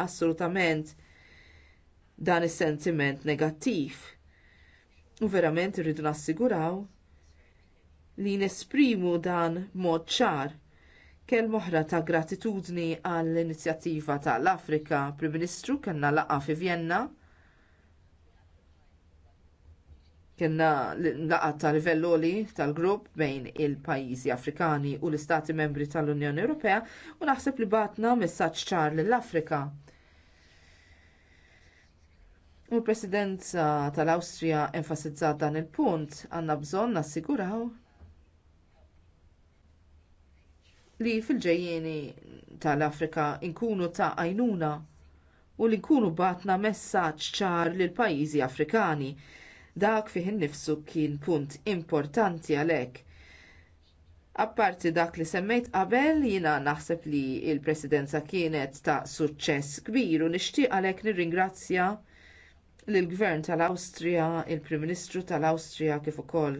assolutament dan is-sentiment negattiv. U verament irridu nassiguraw li nesprimu dan mod ċar kell moħra ta' gratitudni għall inizjattiva tal-Afrika Prim Ministru kellna laqgħa fi Vienna kellna laqgħa ta' livelloli tal-grupp bejn il-pajjiżi Afrikani u l-Istati Membri tal-Unjoni Ewropea u naħseb li batna messaġġ ċar lill-Afrika. U l-Presidenza tal-Awstrija enfasizzat dan il-punt għandna bżonn nassiguraw li fil-ġejjeni tal-Afrika nkunu ta' għajnuna u li nkunu batna messaġġ ċar lill pajjiżi Afrikani. Dak fih innifsu kien punt importanti għalhekk. Apparti dak li semmejt qabel jiena naħseb li l presidenza kienet ta' suċċess kbir u nixtieq għalhekk nirringrazzja l gvern tal-Awstrija, il-Prim Ministru tal-Awstrija kif ukoll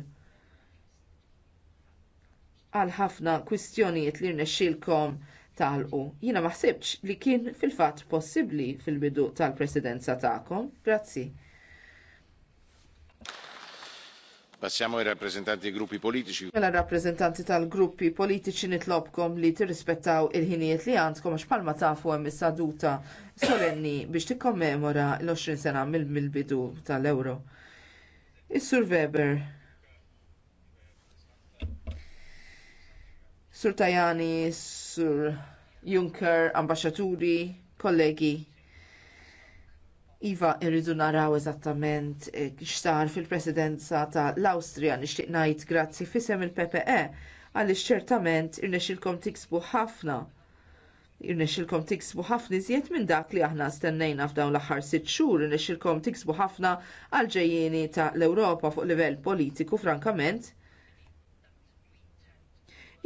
għal ħafna kwistjonijiet li rnexxielkom tagħlqu. Jiena ma ħsibx li kien fil-fatt possibbli fil-bidu tal-presidenza tagħkom. Grazzi. Passiamo ai rappresentanti dei gruppi politici. Mela rappresentanti tal-gruppi politiċi nitlobkom li tirrispettaw il-ħinijiet li għandkom għax palma tafu hemm is-saduta solenni biex tikkommemora l-20 sena mill-bidu tal-euro. Is-Sur Weber. Sur Tajani, Sur Juncker, ambasċaturi, kollegi Iva, irridu naraw eżattament eh, x'sar fil-presidenza ta' l-Awstrija nixtieq ngħid grazzi fisem il-PPE għaliex ċertament irnexxilkom tiksbu ħafna. Irnexxilkom tiksbu ħafna iżjed minn dak li aħna stennejna f'dawn l-aħħar sitt xhur, irnexxilkom tiksbu ħafna għal ġejjieni ta' l-Ewropa fuq livell politiku frankament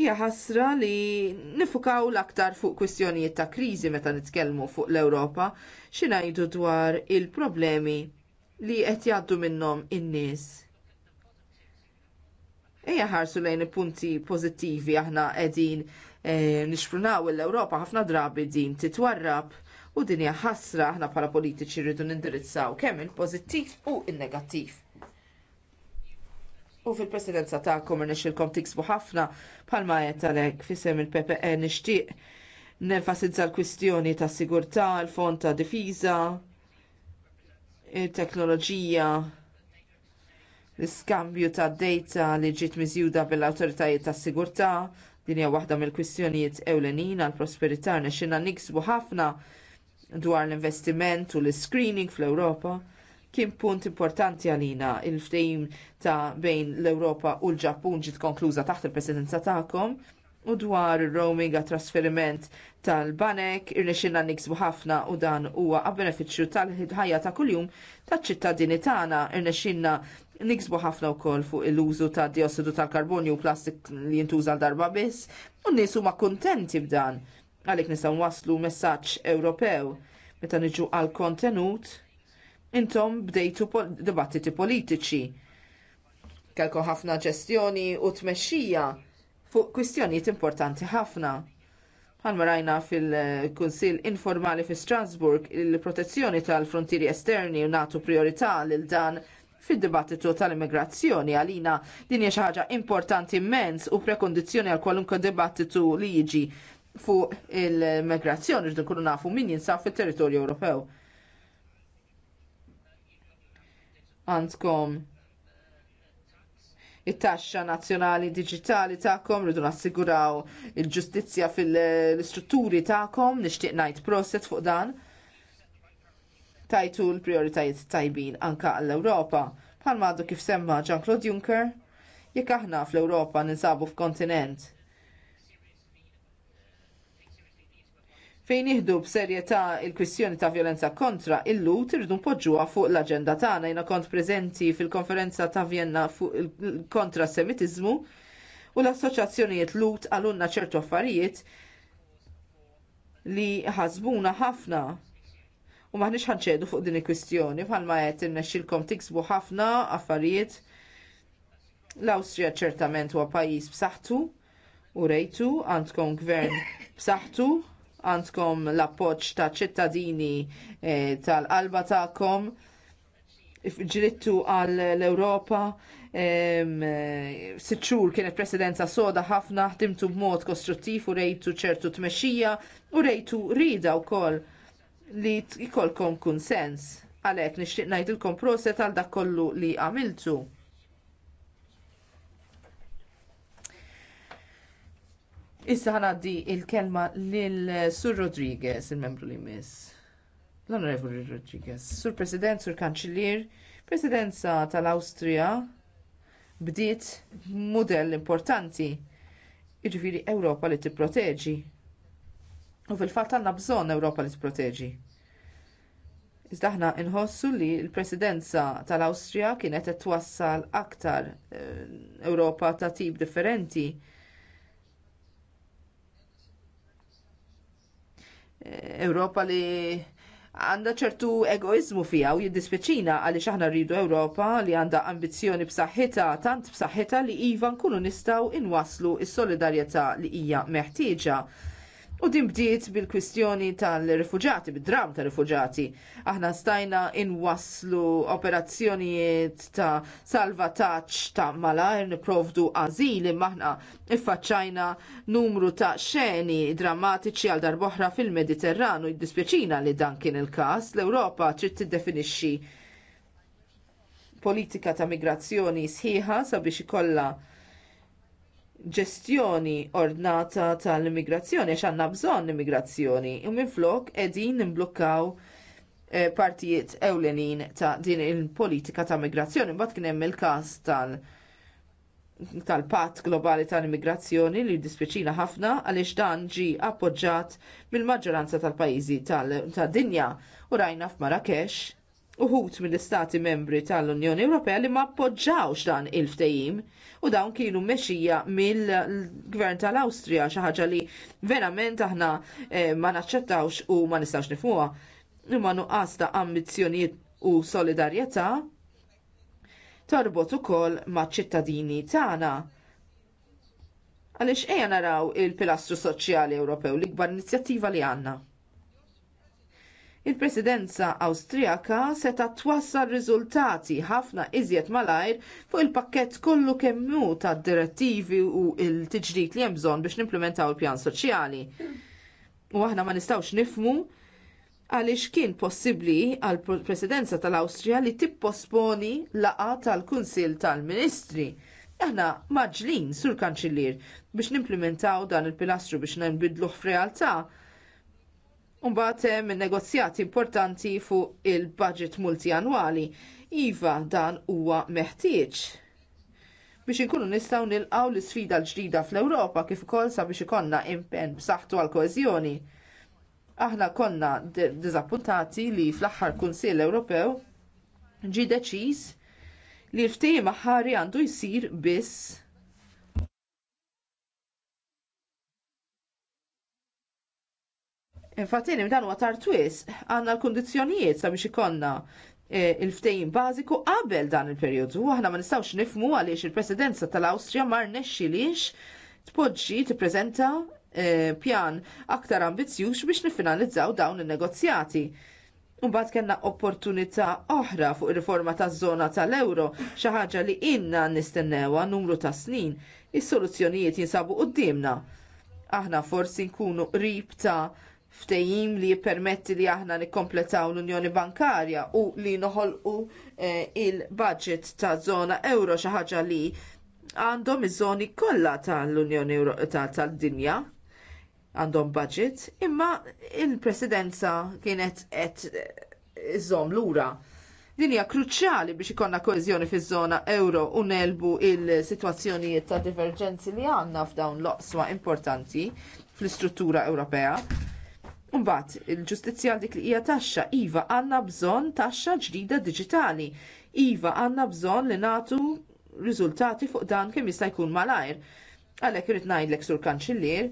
hija ħasra li nifukaw l-aktar fuq kwistjonijiet ta' kriżi meta nitkellmu fuq l-Ewropa xi ngħidu dwar il-problemi li qed jgħaddu minnhom in-nies. Ejja ħarsu lejn punti pożittivi aħna qegħdin nixfrunaw eh, nixprunaw l-Ewropa ħafna drabi din titwarrab u din hija ħasra aħna bħala politiċi rridu nindirizzaw kemm il-pożittiv u il-negattiv. U fil-presidenza komer nixilkom tiksbu ħafna palma qed għalhekk fisem il-PPE nixtieq nenfasizza l-kwistjoni ta' sigurtà, l-fond ta' difiza, il-teknoloġija, l-iskambju ta' data li ġiet miżjuda bil-awtoritajiet ta' sigurtà, din hija waħda mill-kwistjonijiet ewlenin għal prosperità nexxinna niksbu ħafna dwar l-investiment u l-screening fl-Ewropa kien punt importanti għalina il-ftejm ta' bejn l-Ewropa u l-Ġappun ġiet konkluża taħt il-presidenza tagħkom u dwar roaming għat trasferiment tal-banek irnexxinna niksbu ħafna u dan huwa għab-benefiċċju tal-ħajja ta' kuljum taċ-ċittadini tagħna irnexxinna niksbu ħafna wkoll fuq il-użu ta' diossidu tal-karbonju u plastik li jintuża l darba biss u n-nies huma kuntenti b'dan għalhekk nistgħu waslu messaġġ Ewropew meta niġu għal kontenut intom bdejtu dibattiti politiċi. Kelko ħafna ġestjoni u tmexxija fuq kwistjonijiet importanti ħafna. Bħalma rajna fil-Kunsil informali fi Strasburg il-protezzjoni tal-frontieri esterni u natu priorità lil dan fil dibattitu tal-immigrazzjoni għalina din hija xi ħaġa importanti immens u prekondizzjoni għal kwalunkwe dibattitu li jiġi fuq il-migrazzjoni ġdu nkunu nafu min jinsab fit-territorju Ewropew. għandkom it-taxxa nazzjonali diġitali tagħkom rridu nassiguraw il-ġustizzja fil-istrutturi tagħkom nixtieq ngħid proset fuq dan. Tajtu l-prioritajiet tajbin anke għall-Ewropa. Bħalma kif semma Jean-Claude Juncker, jekk aħna fl-Ewropa ninsabu f'kontinent fejn jihdu b'serjetà il-kwistjoni ta' violenza kontra il-lut irridu npoġġuha fuq l-aġenda tagħna jiena kont preżenti fil-konferenza ta' Vienna fuq il-kontra semitiżmu u l-assoċjazzjonijiet lut għalunna ċertu affarijiet li ħasbuna ħafna u maħniex ħanċedu fuq din il-kwistjoni bħalma qed innexxilkom tiksbu ħafna affarijiet l-Awstrija ċertament huwa pajjiż b'saħħtu u rejtu għandkom gvern b'saħħtu għandkom l-appoġġ ta' ċittadini eh, tal-qalba tagħkom ġrittu għall-Ewropa. Eh, sitt xhur kienet presidenza soda ħafna, ħtimtu b'mod kostruttiv u rejtu ċertu tmexxija u rejtu rida wkoll li jkollkom kunsens. Għalhekk nixtieq ngħidilkom proset għal dak kollu li għamiltu. Issa ħanaddi il-kelma lil Sur Rodriguez, il-membru li miss. L-Onorevoli Rodriguez, Sur President, Sur Kanċilir, Presidenza tal-Awstrija bdiet mudell importanti, jiġifieri Ewropa li tipproteġi. U fil-fatt għandna bżonn Ewropa li tipproteġi. Iżda aħna nħossu li l-presidenza tal-Awstrija kienet qed twassal aktar eh, Ewropa ta' tip differenti Ewropa li għanda ċertu egoizmu fija u jiddispjaċina għaliex aħna rridu Ewropa li għanda ambizzjoni b'saħħitha tant b'saħħitha li iva nkunu nistgħu inwaslu s-solidarjetà li hija meħtieġa U din bdiet bil-kwistjoni tal rifuġjati bid-dram tal-rifuġati. Aħna stajna inwaslu operazzjonijiet ta' salvataċ ta' malajr niprovdu għazili maħna iffaċċajna numru ta' xeni drammatiċi għal darboħra fil-Mediterranu jiddispjaċina li dan kien il-kas. L-Europa trid tiddefinixxi politika ta' migrazzjoni sħiħa sabiex ikollha ġestjoni ordnata tal-immigrazzjoni għax għandna bżonn immigrazzjoni u minflok qegħdin nimblukkaw eh, partijiet ewlenin ta' din il-politika ta' migrazzjoni. Mbagħad kien hemm il-każ tal- tal-patt globali tal-immigrazzjoni li dispiċina ħafna għaliex dan ġie appoġġjat mill-maġġoranza tal-pajjiżi tad-dinja u rajna f'Marrakesh uħut mill-istati membri tal-Unjoni Ewropea li ma appoġġawx dan il ftejim u dawn kienu mexija mill-gvern tal-Awstrija xi ħaġa li verament aħna eh, ma naċċettawx u ma nistax nifmuha. Imma nuqqas ta' ambizzjonijiet u solidarjetà torbot ukoll maċ ċittadini tagħna. Għaliex ejja naraw il-pilastru soċjali Ewropew l-ikbar inizjattiva li għandna il-presidenza Awstrijaka seta twassal riżultati ħafna iżjed malajr fuq il-pakkett kollu kemm hu tad direttivi u l-tiġdid li hemm bżonn biex nimplementaw il-pjan soċjali. U aħna ma nistgħux nifmu għaliex kien possibbli għall presidenza tal-Awstrija li tipposponi laqgħa tal-Kunsill tal-Ministri. Aħna maġlin sur kanċillier biex nimplementaw dan il-pilastru biex nbidluh f'realtà Mbagħad hemm negozjati importanti fuq il-budget multianwali. Iva dan huwa meħtieġ biex inkunu nistgħu nilqgħu l-isfida l-ġdida fl-Ewropa kif ukoll sabiex ikollna impenn b'saħħtu għal koeżjoni. Aħna konna diżappuntati li fl-aħħar Kunsill Ewropew ġie deċiż li l-ftehim aħħari għandu jsir biss Infatti dan huwa tar twis, għandna l-kundizzjonijiet sabiex ikonna e, il-ftejn bażiku qabel dan il-perjodu. Aħna ma nistgħux nifmu għaliex il-Presidenza tal-Awstrija mar nexxilix tpoġġi tippreżenta e, pjan aktar ambizzjuż biex niffinalizzaw dawn in-negozjati. Mbagħad kellna opportunità oħra fuq ir-riforma taż-żona tal-euro, xi ħaġa li inna nistennewha numru ta' snin. Is-soluzzjonijiet jinsabu quddiemna. Aħna forsi nkunu qrib ta' ftehim li jippermetti li aħna nikkompletaw l-Unjoni Bankarja u li noħolqu eh, il-budget ta' żona euro xi ħaġa li għandhom iż-żoni kollha tal-Unjoni tad-dinja għandhom budget, imma il-presidenza kienet qed eh, iżom lura. Din hija kruċjali biex ikonna koeżjoni fiż-żona euro u nelbu il-sitwazzjonijiet ta' diverġenzi li għandna f'dawn l importanti fl-istruttura Ewropea Imbagħad, il ġustizzja għal dik li hija taxxa, iva għandna bżonn taxxa ġdida diġitali. Iva għandna bżonn li nagħtu riżultati fuq dan kemm jista' jkun malajr. Għalhekk irid ngħidlek sur kanċillier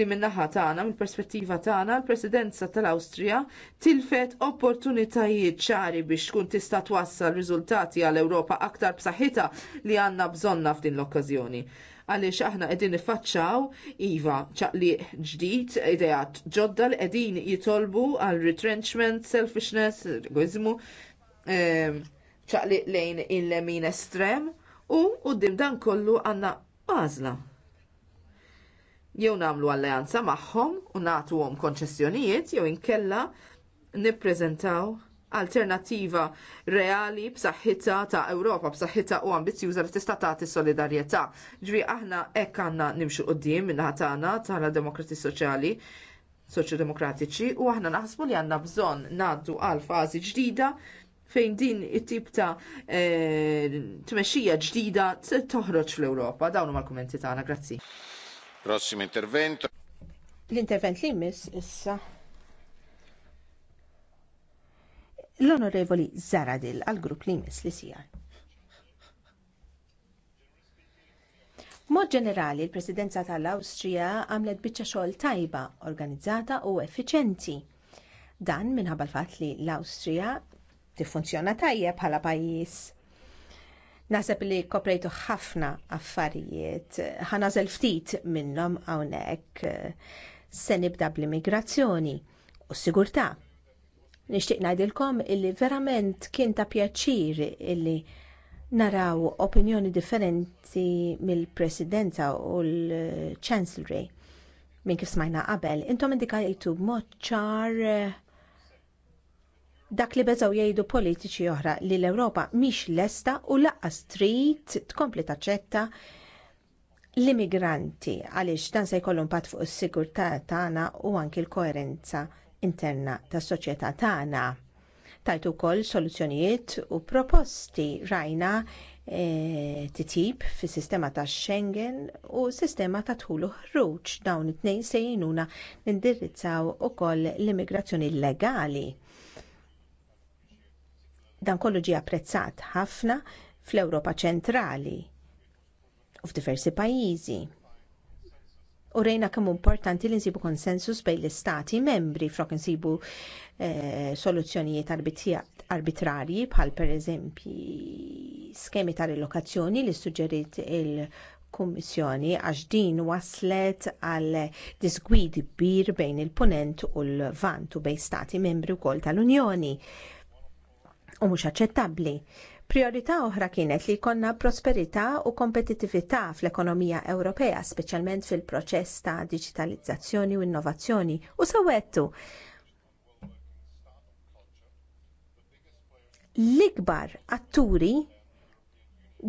li min-naħa tagħna mill-perspettiva tagħna l-Presidenza tal-Awstrija tilfet opportunitajiet ċari biex tkun tista' twassal riżultati għall Ewropa aktar b'saħħitha li għandna bżonna f'din l-okkażjoni għaliex aħna qegħdin niffaċċaw iva ċaqliq ġdid idejat ġodda li qegħdin jitolbu għal retrenchment, selfishness, egoizmu, ehm, ċaqliq lejn il-lemin estrem u quddiem dan kollu għandna għażla jew nagħmlu alleanza magħhom u nagħtuhom konċessjonijiet jew inkella nippreżentaw alternattiva reali b'saħħitha ta' Ewropa, b'saħħitha u ambizjuża li tista' tagħti solidarjetà. Ġri aħna hekk għandna nimxu quddiem min-naħa tagħna tal-demokrati soċjali soċjodemokratiċi u aħna naħsbu li għandna bżonn ngħaddu għal fażi ġdida fejn din it-tip ta' e, tmexxija ġdida toħroġ fl-Ewropa. Dawn huma l-kummenti tagħna, grazzi. Prossimo intervento. L-intervent li jmiss issa l-Onorevoli Zaradil għal-grupp li jmiss li sijar. Mod ġenerali, il-Presidenza tal-Awstrija għamlet biċċa xogħol tajba, organizzata u effiċenti. Dan minħabba l-fatt li l-Awstrija tiffunzjona tajjeb bħala pajjiż. Naħseb li koprejtu ħafna affarijiet, ħanażel ftit minnhom hawnhekk se nibda bl-immigrazzjoni u s sigurtà. Nixtieq ngħidilkom illi verament kien ta' pjaċir illi naraw opinjoni differenti mill-Presidenza u l-Chancellery minn kif smajna qabel. Intom indikajtu b'mod ċar dak li beżaw jgħidu politiċi oħra li l-Ewropa mhix lesta u laqas trid tkompli taċċetta l-immigranti għaliex dan se jkollu impatt fuq is-sigurtà tagħna u anki l-koerenza interna tas-soċjetà tagħna. Tajtu wkoll soluzzjonijiet u proposti rajna e, fis sistema tax Schengen u s sistema ta' dħul u ħruġ dawn it-tnejn se jgħinuna nindirizzaw ukoll l-immigrazzjoni illegali. Dan kollu ġie apprezzat ħafna fl-Ewropa ċentrali u f'diversi pajjiżi u rejna kemm importanti li nsibu konsensus bejn l-istati membri frok nsibu eh, soluzzjonijiet arbitrarji bħal pereżempju skemi ta' rilokazzjoni li suġġeriet il- kummissjoni għax din waslet għal disgwidi kbir bejn il-punent u l vantu bejn stati membri wkoll tal-Unjoni. U mhux aċċettabbli Priorità oħra kienet li jkollna prosperità u kompetitività fl-ekonomija Ewropea, speċjalment fil-proċess ta' digitalizzazzjoni u innovazzjoni. U sawettu, l-ikbar atturi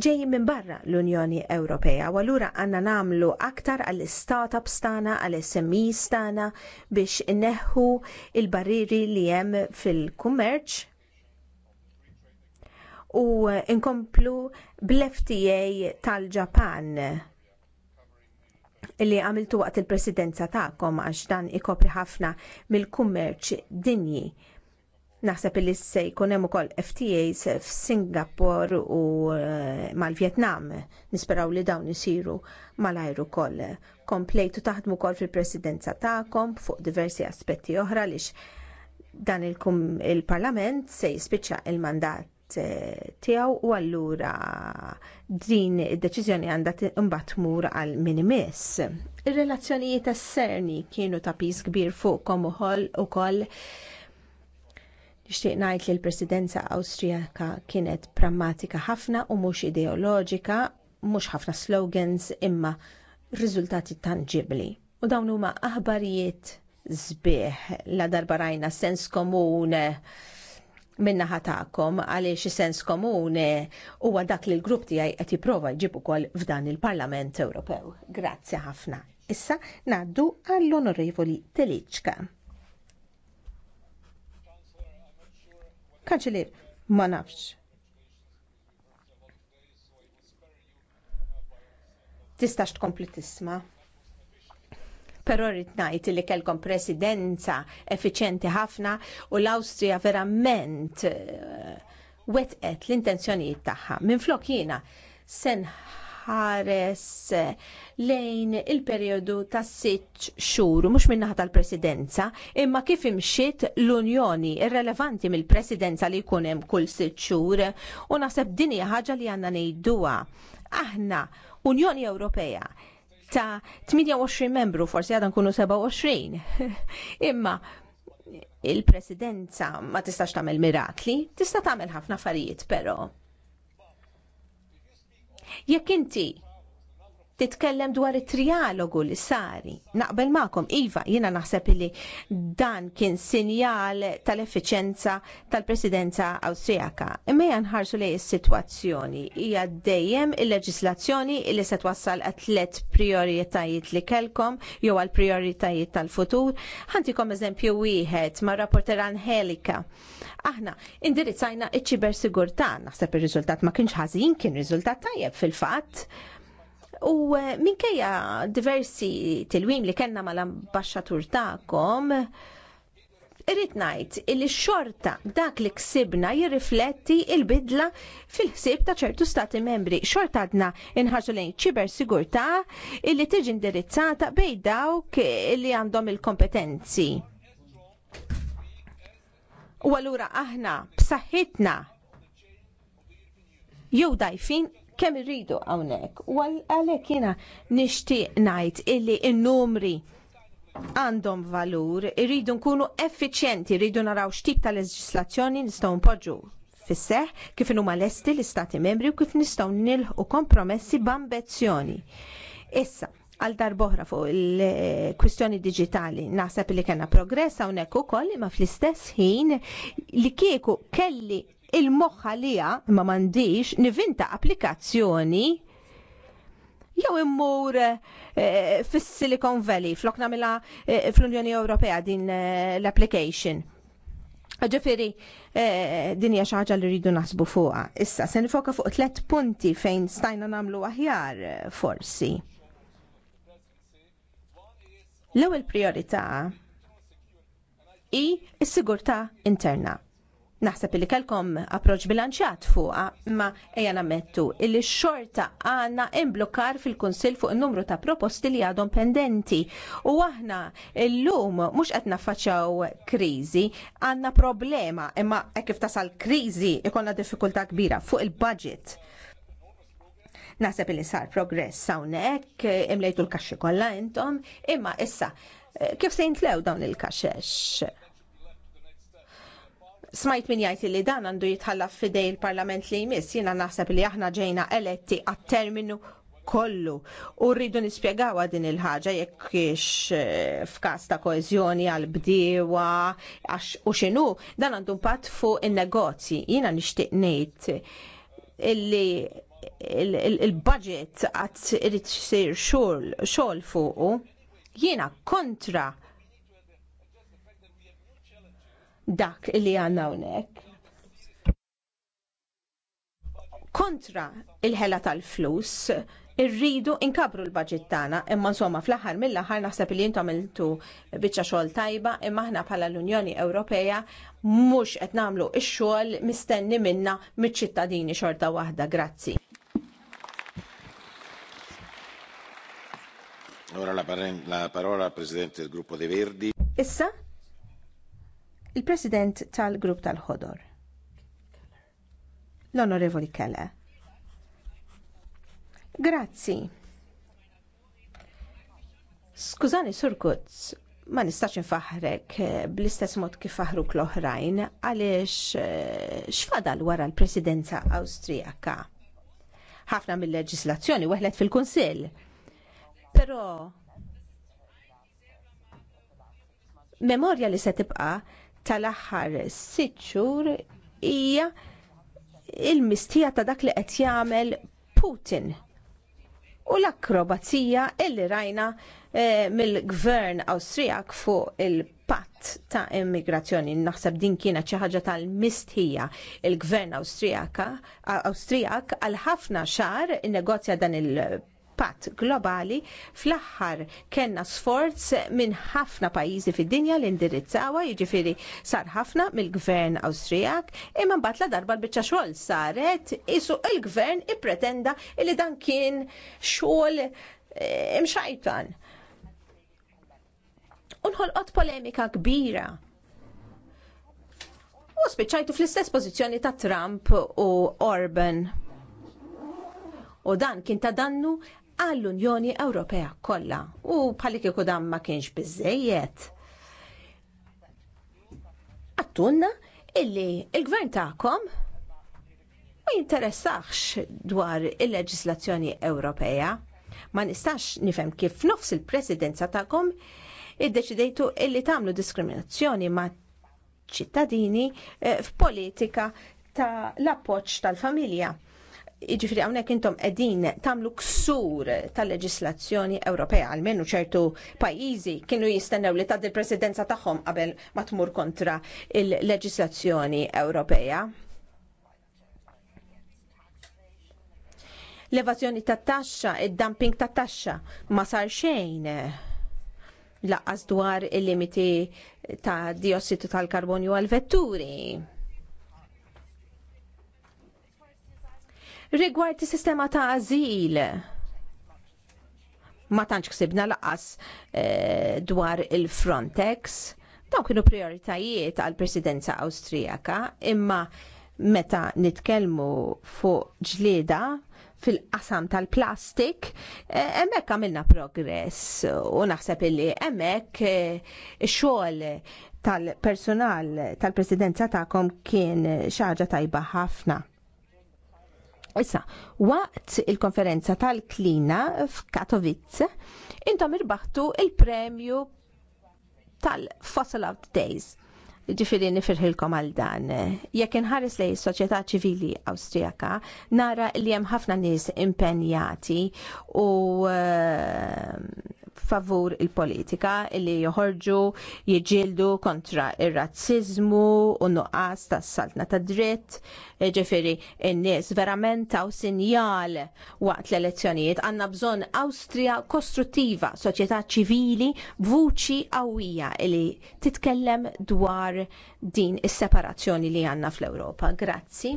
ġej minn barra l-Unjoni Ewropea u allura għandna nagħmlu aktar għall startups tagħna, għall smi tagħna biex inneħħu l barriri li hemm fil-kummerċ u inkomplu bl-FTA tal-Ġapan li għamiltu waqt il-presidenza tagħkom għax dan ikopri ħafna mill-kummerċ dinji. Naħseb li se jkun hemm ukoll FTAs f'Singapur u eh, mal-Vjetnam. Nisperaw li dawn isiru mal-ajru ukoll. Komplejtu taħdmu wkoll fil-presidenza tagħkom fuq diversi aspetti oħra lix dan il-parlament se jispiċċa il-mandat Eh, tiegħu u allura din id-deċiżjoni għandha imbagħad tmur għal min imiss. Ir-relazzjonijiet serni kienu ta' piż kbir fuqhom ukoll ukoll Nixtieq ngħid li l-Presidenza Awstrijaka kienet prammatika ħafna u mhux ideoloġika, mhux ħafna slogans imma riżultati tangibbli. U dawn huma aħbarijiet żbieħ la darba rajna sens komune minna ħatakom għaliex sens komune huwa dak li l-grupp tiegħi qed jipprova jġib ukoll f'dan il-Parlament Ewropew. Grazzi ħafna. Issa ngħaddu għall-Onorevoli Teliċka. Kanċelir, ma nafx. Tistax tkompli tisma' però rrid ngħid li kellkom presidenza effiċjenti ħafna u l-Awstrija verament eh, wetqet l-intenzjonijiet tagħha. Minflok jiena se nħares eh, lejn il-perjodu ta' sitt xhur mhux min-naħa tal-presidenza, imma kif imxiet l-Unjoni irrelevanti mill-presidenza li jkun hemm kull sitt xhur u naħseb din hija ħaġa li għandna ngħiduha. Aħna Unjoni Ewropea ta' 28 membru, forsi għadan kunu 27. Imma il-presidenza ma tistax tagħmel mirakli, tista' tagħmel ħafna affarijiet però. Jekk inti titkellem dwar it-trialogu li sari. Naqbel ma'kom, Iva, jina naħseb li dan kien sinjal tal-effiċenza tal-presidenza Awstrijaka. Imma nħarsu li is-sitwazzjoni. Hija dejjem il-leġislazzjoni li se twassal għat-tlet prioritajiet li kelkom jew għal prioritajiet tal-futur. Ħantikom eżempju wieħed ma' rapporter Angelika. Aħna indirizzajna iċ-ċibersigurtà, naħseb ir-riżultat ma kienx ħażin, kien riżultat tajjeb fil-fatt U eh, minkejja diversi tilwim li kellna mal-ambasċatur tagħkom, irrit ngħid li xorta dak li ksibna jirrifletti l bidla fil-ħsieb ta' ċertu stati membri. Xorta għadna inħarġu lejn ċiber sigurtà illi tiġi indirizzata bejn dawk li għandhom il-kompetenzi. U allura aħna b'saħħitna jew dajfin kemm irridu hawnhekk. U għalhekk jiena nixtieq ngħid illi n-numri għandhom valur, irridu nkunu effiċjenti, irridu naraw x'tip ta' leġislazzjoni nistgħu npoġġu fisseħ kif huma lesti l-istati membri u kif nistgħu nilħu kompromessi b'ambizzjoni. Issa, għal darboħra fuq il-kwistjoni digitali naħseb li kena progress hawnhekk ukoll imma fl-istess ħin li kieku kelli il-moħħa lija imma m'għandix nivinta applikazzjoni jew immur eh, fis-Silicon Valley flok mela fl-Unjoni Ewropea din eh, l-application. Ġifiri, din hija xi ħaġa li rridu naħsbu fuqha. Issa se nifoka fuq tliet punti fejn stajna nagħmlu aħjar forsi. L-ewwel priorità i s-sigurtà interna naħseb li kelkom approċ bilanċjat fuqa ma ejja nammettu illi xorta għanna imblokkar fil-Kunsill fuq il-numru ta' proposti li għadhom pendenti u aħna l-lum mux qed faċaw kriżi għanna problema imma kif tasal kriżi ikonna diffikulta kbira fuq il-budget. Naħseb li sar progress hawnhekk imlejtu l-kaxxi kollha intom imma issa eh, kif se jintlew dawn il-kaxex? smajt min jgħid li dan għandu jitħallaf fidej il-Parlament li jmiss, jiena naħseb li aħna ġejna eletti għat-terminu kollu. U rridu nispjegawa din il-ħaġa jekk kiex eh, f'każ ta' koezjoni għal bdiewa għax u x'inhu dan għandu pat fuq in-negozji. Jiena nixtieq ngħid illi il-budget għat irid xogħol fuq, Jiena kontra dak li għandna hawnhekk. Kontra il-ħela tal-flus, irridu inkabru l-budget tagħna, imma insomma fl-aħħar mill-aħħar naħseb li intom għamiltu biċċa xogħol tajba, imma aħna bħala l-Unjoni Ewropea mhux qed nagħmlu x-xogħol mistenni minna miċ-ċittadini xorta waħda. Grazzi. Ora la, parola al Presidente del Gruppo dei Verdi. Issa il-President tal-Grupp tal-Ħodor. L-Onorevoli Kelle. Grazzi. Skużani, Sur Kutz, ma nistax infaħrek eh, bl-istess mod kif faħruk l-oħrajn għaliex eh, xfadal wara l-presidenza Awstrijaka. Ħafna mill-leġislazzjoni weħlet fil-Kunsill. Però memorja li se tibqa' tal-aħħar sitt xhur hija il-mistija ta' dak li qed jagħmel Putin u l-akrobazija illi rajna eh, mill-gvern Awstrijak fuq il-patt ta' immigrazzjoni. Naħseb din kienet xi ħaġa tal mistija Il-gvern Awstrijak għal ħafna xahar innegozja dan il- patt globali fl-aħħar kellna sforz minn ħafna pajjiżi fid-dinja li indirizzawa, jiġifieri sar ħafna mill-gvern Awstrijak, imma mbagħad la darba l-biċċa xogħol saret isu il-gvern ippretenda li dan kien xogħol eh, imxajtan. Unħolqot polemika kbira U spiċċajtu fl-istess pożizzjoni ta' Trump u Orban. U dan kien ta' dannu għall-Unjoni Ewropea kollha u bħalli kieku dan ma kienx biżejjed. Attunna illi il-gvern tagħkom ma jinteressax dwar il-leġislazzjoni Ewropea. Ma nistax nifhem kif nofs il-presidenza tagħkom iddeċidejtu illi tagħmlu diskriminazzjoni ma' ċittadini eh, f'politika ta' l-appoġġ tal-familja. Jiġifieri hawnhekk intom qegħdin tagħmlu ksur tal-leġislazzjoni Ewropea għalmenu ċertu pajjiżi kienu jistennew li tad il-presidenza tagħhom qabel ma tmur kontra il-leġislazzjoni Ewropea. L-evażjoni tat-taxxa, id-dumping tat-taxxa ma sar xejn laqqas dwar il-limiti ta' diossidu tal-karbonju għal vetturi Rigward is-sistema ta' azil, ma tantx ksibna laqas eh, dwar il-Frontex. Daw kienu prioritajiet għall presidenza Awstrijaka, imma meta nitkellmu fuq ġlieda fil-qasam tal-plastik, eh, hemmhekk għamilna progress u naħseb illi hemmhekk eh, ix-xogħol tal-personal tal-presidenza tagħkom kien xaġa tajba ħafna. Issa, waqt il-konferenza tal-klina f'Katowice, intom irbaħtu il-premju tal-Fossil Out Days ġifiri nifirħilkom għal dan. Jekk inħares lej soċjetà ċivili Awstrijaka, nara li hemm ħafna nies impenjati u eh, favur il-politika li joħorġu jiġildu kontra ir-razzizmu u nuqqas tas saltna ta' dritt. Eh, ġifiri, n-nies verament taw sinjal waqt l-elezzjonijiet għanna bżon Awstrija kostruttiva, soċjetà ċivili, vuċi qawwija li titkellem dwar dwar din is-separazzjoni li għandna fl-Ewropa. Grazzi.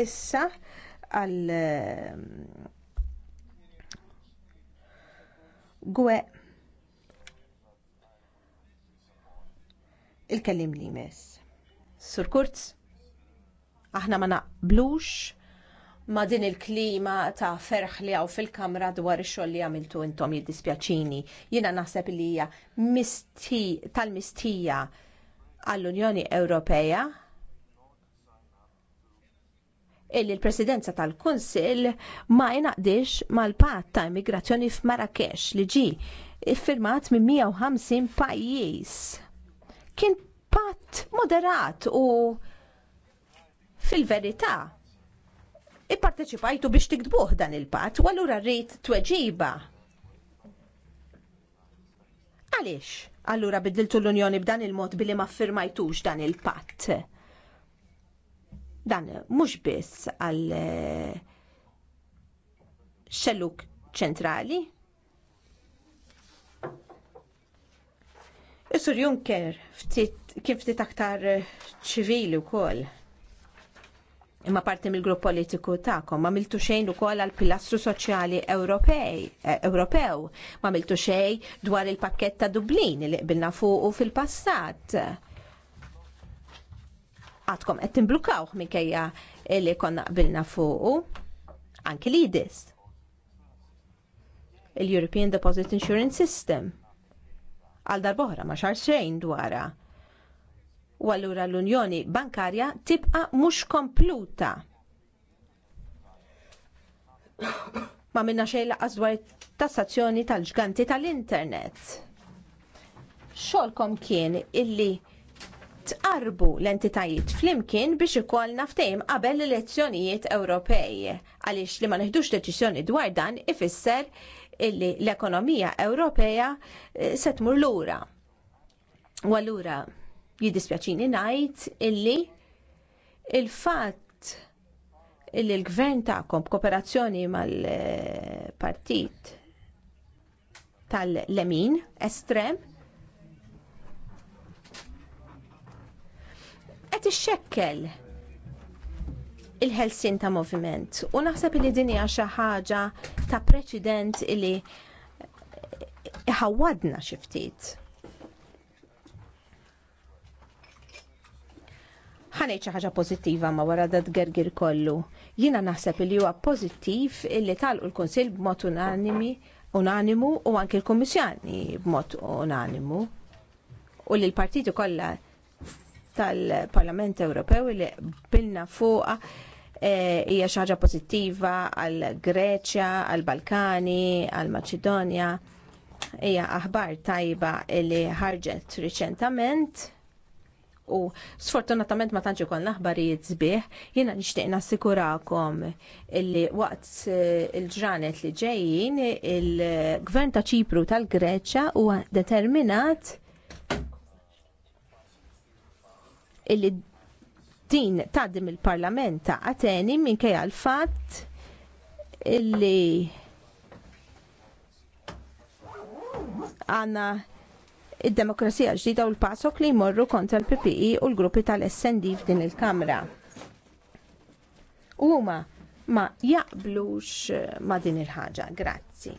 Issa għal ehm, gwe il-kellim li mis. Sur Kurz, aħna ma naqblux ma din il-klima ta' ferħ li għaw fil-kamra dwar ix-xogħol li għamiltu intom jiddispjaċini. Jiena naħseb li hija tal-mistija għall-Unjoni Ewropea illi l-presidenza tal-Kunsill ma jnaqdix mal-pat ta' immigrazzjoni f'Marrakesh li ġi iffirmat minn 150 pajjiż. Kien patt moderat u fil-verità ipparteċipajtu biex tikdbuh dan il-patt u allura rrid tweġiba. Għaliex? allura biddiltu l-Unjoni b'dan il-mod billi ma firmajtux dan il-patt. Dan mhux biss għal eh, xelluk ċentrali. Isur Juncker ftit, kien ftit aktar ċivili wkoll imma parti mill-grupp politiku tagħkom ma miltu xejn ukoll għal pilastru soċjali Ewropej, eh, Ewropew, ma miltu xejn dwar il pakketta ta' Dublin li qbilna fuq fil-passat. Għadkom qed timblukawh minkejja li konna qbilna fuq anki l-IDIS. Il-European Deposit Insurance System. Għal darbohra ma xar xejn dwara u allura l-Unjoni Bankarja tibqa' mhux kompluta. Ma minna xejn laqas dwar tassazzjoni tal-ġganti tal-internet. Xolkom kien illi tqarbu l-entitajiet flimkien biex ikollna naftejm qabel l-elezzjonijiet Ewropej. Għaliex li ma neħdux deċiżjoni dwar dan ifisser illi l-ekonomija Ewropea eh, se tmur lura. U allura Jiddispjaċini ngħid illi il-fatt illi l-gvern tagħkom kooperazzjoni mal-partit tal-lemin estrem qed ixxekkel il-ħelsin ta' moviment u naħseb li din hija xi ħaġa ta' preċedent illi ħawadna xi ftit. ħanejċ xi ħaġa pozittiva ma wara dat gergir kollu. Jiena naħseb li huwa pożittiv illi talqu l-Kunsill b'mod unanimi unanimu u anke l-Kummissjoni b'mod unanimu. U li l-partiti kollha tal-Parlament Ewropew li bilna fuqha eh, hija xi ħaġa pożittiva għal Greċja, għal Balkani, għal Maċedonja. Hija aħbar tajba li ħarġet riċentament u sfortunatament ma tantx ikollna aħbarijiet sbieħ, jiena nixtieq nassikurakom illi waqt eh, il-ġranet li ġejjin il-Gvern ta' Ċipru tal greċa huwa determinat illi din taħdim il-Parlament ta' Ateni minkejja l-fatt illi għanna id-demokrazija ġdida u l-pasok li jmorru kontra l-PPI e u l-gruppi tal-SND f'din il-Kamra. Huma ma jaqblux eh, ma din il-ħaġa, grazzi.